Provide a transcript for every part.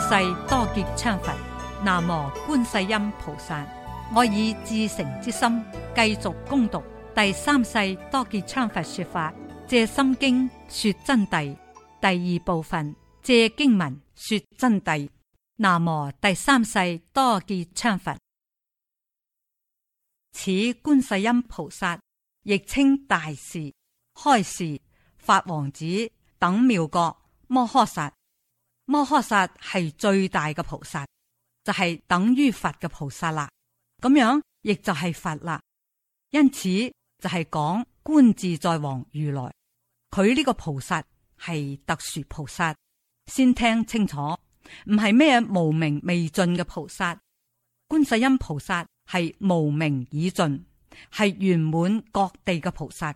世多杰羌佛，南無觀世音菩薩。我以至誠之心，繼續恭讀第三世多杰羌佛說法，藉心經說真諦第二部分，藉經文說真諦。南無第三世多杰羌佛，此觀世音菩薩亦稱大士開士、法王子等妙國摩訶薩。摩訶薩係最大嘅菩薩，就係等於佛嘅菩薩啦。咁樣亦就係佛啦。因此就係講觀自在王如來，佢呢個菩薩係特殊菩薩。先聽清楚，唔係咩無名未盡嘅菩薩，觀世音菩薩係無名已盡，係圓滿各地嘅菩薩，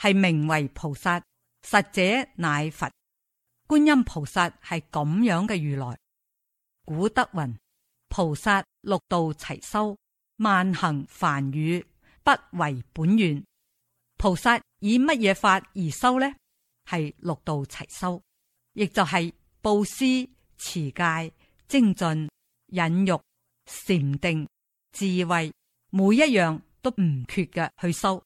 係名為菩薩，實者乃佛。觀音菩薩係咁樣嘅如來，古德云：菩薩六度齊修，萬行凡語不為本願。菩薩以乜嘢法而修呢？係六度齊修，亦就係布施、持戒、精進、忍辱、禪定、智慧，每一樣都唔缺嘅去修。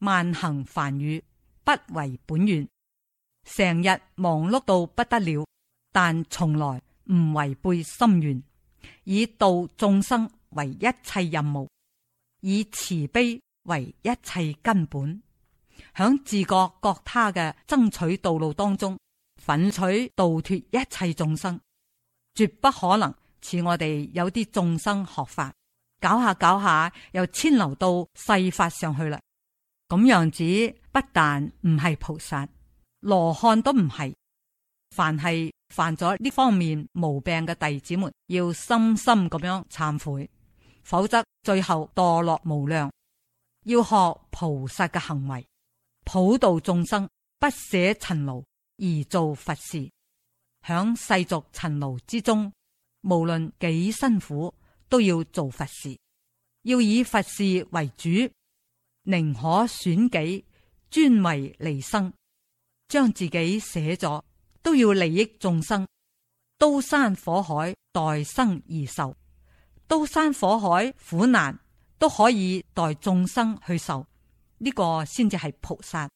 萬行凡語不為本願。成日忙碌到不得了，但從來唔違背心願，以度眾生為一切任務，以慈悲為一切根本，響自覺覺他嘅爭取道路當中，奮取度脫一切眾生，絕不可能似我哋有啲眾生學法，搞下搞下又遷流到世法上去啦。咁樣子不但唔係菩薩。羅漢都唔係，凡係犯咗呢方面毛病嘅弟子們，要深深咁樣懺悔，否則最後墮落無量。要學菩薩嘅行為，普度眾生，不捨塵勞而做佛事。響世俗塵勞之中，無論幾辛苦，都要做佛事，要以佛事為主，寧可損己，專為利生。將自己寫咗都要利益眾生，刀山火海代生而受，刀山火海苦難都可以代眾生去受，呢、這個先至係菩薩。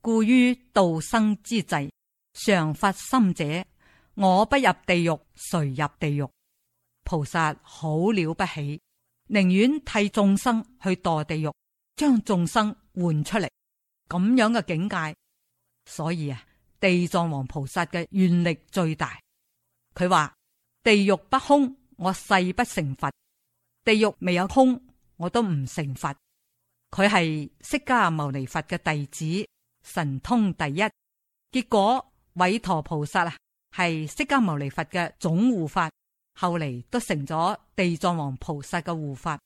故於度生之際，常發心者，我不入地獄，誰入地獄？菩薩好了不起，寧願替眾生去墮地獄，將眾生換出嚟，咁樣嘅境界。所以啊，地藏王菩薩嘅願力最大。佢話地獄不空，我誓不成佛；地獄未有空，我都唔成佛。佢係釋迦牟尼佛嘅弟子，神通第一。結果韋陀菩薩啊，係釋迦牟尼佛嘅總護法，後嚟都成咗地藏王菩薩嘅護法。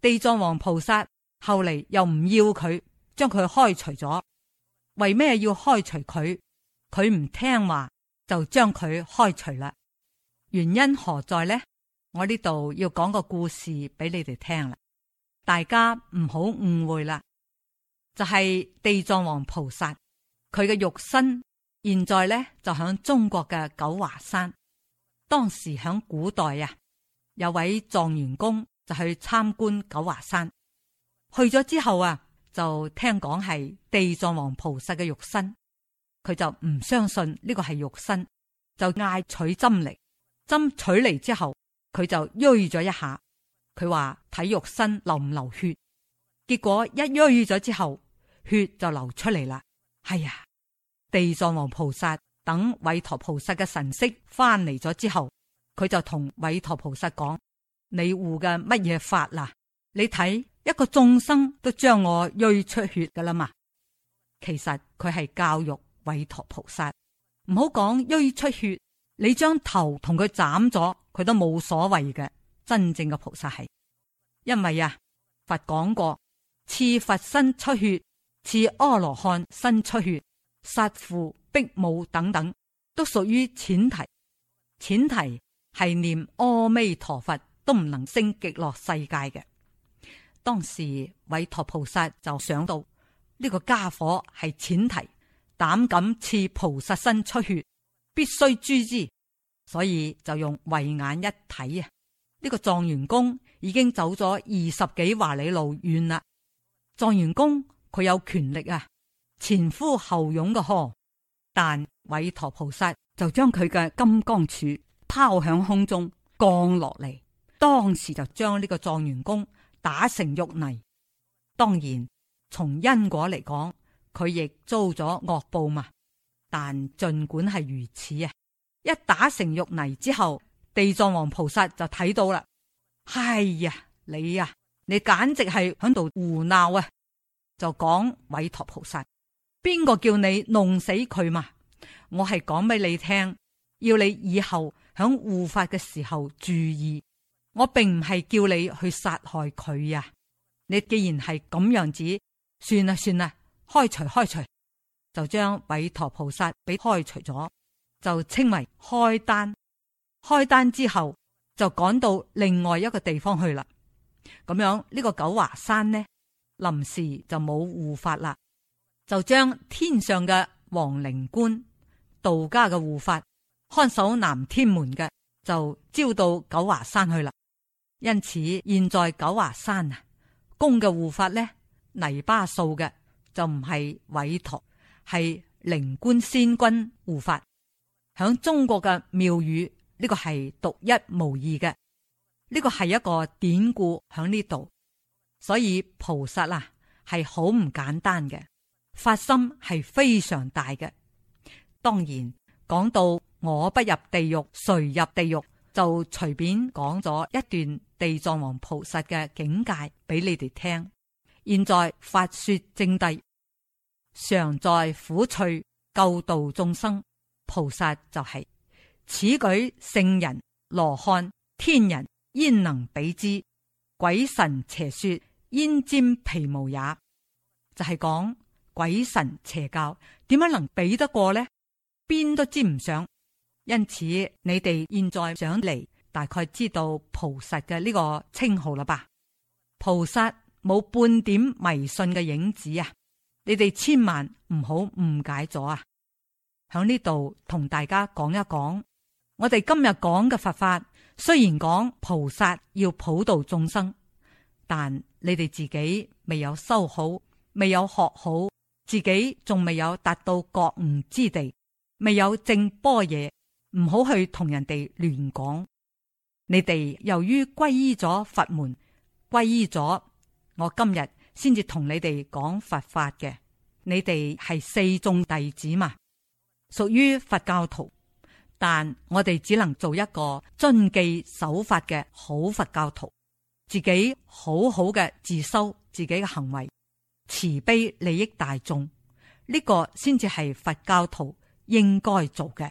地藏王菩薩後嚟又唔要佢，將佢開除咗。為咩要開除佢？佢唔聽話就將佢開除啦。原因何在呢？我呢度要講個故事俾你哋聽啦。大家唔好誤會啦，就係、是、地藏王菩薩佢嘅肉身，現在咧就響中國嘅九華山。當時響古代啊，有位狀元公就去參觀九華山，去咗之後啊。就聽講係地藏王菩薩嘅肉身，佢就唔相信呢個係肉身，就嗌取針嚟，針取嚟之後，佢就瘀咗一下，佢話睇肉身流唔流血，結果一瘀咗之後，血就流出嚟啦。係、哎、啊，地藏王菩薩等韋陀菩薩嘅神識翻嚟咗之後，佢就同韋陀菩薩講：你護嘅乜嘢法啦、啊？你睇。一個眾生都將我銳出血噶啦嘛，其實佢係教育韋陀菩薩，唔好講銳出血，你將頭同佢斬咗，佢都冇所謂嘅。真正嘅菩薩係，因為啊佛講過，賜佛身出血，賜阿羅漢身出血，殺父逼母等等，都屬於闡提。闡提係念阿彌陀佛都唔能升極樂世界嘅。當時韋陀菩薩就想到呢個家伙係淺提，膽敢刺菩薩身出血，必須誅之，所以就用慧眼一睇啊，呢個狀元公已經走咗二十幾華里路遠啦。狀元公佢有權力啊，前呼後擁嘅呵，但韋陀菩薩就將佢嘅金剛杵拋向空中降落嚟，當時就將呢個狀元公。打成肉泥，當然從因果嚟講，佢亦遭咗惡報嘛。但盡管係如此啊，一打成肉泥之後，地藏王菩薩就睇到啦。嗨、哎、呀，你呀、啊，你簡直係響度胡鬧啊！就講委託菩薩，邊個叫你弄死佢嘛？我係講俾你聽，要你以後響護法嘅時候注意。我並唔係叫你去殺害佢呀。你既然係咁樣子，算啦算啦，開除開除，就將韋陀菩薩俾開除咗，就稱為開單。開單之後就趕到另外一個地方去啦。咁樣呢，呢個九華山呢，臨時就冇護法啦，就將天上嘅王靈官道家嘅護法看守南天門嘅，就招到九華山去啦。因此，現在九華山啊，宮嘅護法咧，泥巴塑嘅，就唔係韋馱，係靈官仙君護法。響中國嘅廟宇，呢個係獨一無二嘅。呢個係一個典故響呢度，所以菩薩啊係好唔簡單嘅，發心係非常大嘅。當然講到我不入地獄，誰入地獄？就隨便講咗一段地藏王菩薩嘅境界俾你哋聽。現在法說正諦，常在苦趣救度眾生，菩薩就係、是、此舉聖人羅漢天人焉能比之？鬼神邪說焉沾皮毛也？就係、是、講鬼神邪教點樣能比得過呢？邊都沾唔上。因此，你哋現在想嚟，大概知道菩薩嘅呢個稱號啦吧？菩薩冇半點迷信嘅影子啊！你哋千萬唔好誤解咗啊！響呢度同大家講一講，我哋今日講嘅佛法，雖然講菩薩要普度眾生，但你哋自己未有修好，未有學好，自己仲未有達到覺悟之地，未有正般若唔好去同人哋亂講，你哋由於皈依咗佛門，皈依咗，我今日先至同你哋講佛法嘅。你哋係四眾弟子嘛，屬於佛教徒，但我哋只能做一個遵紀守法嘅好佛教徒，自己好好嘅自修自己嘅行為，慈悲利益大眾，呢個先至係佛教徒應該做嘅。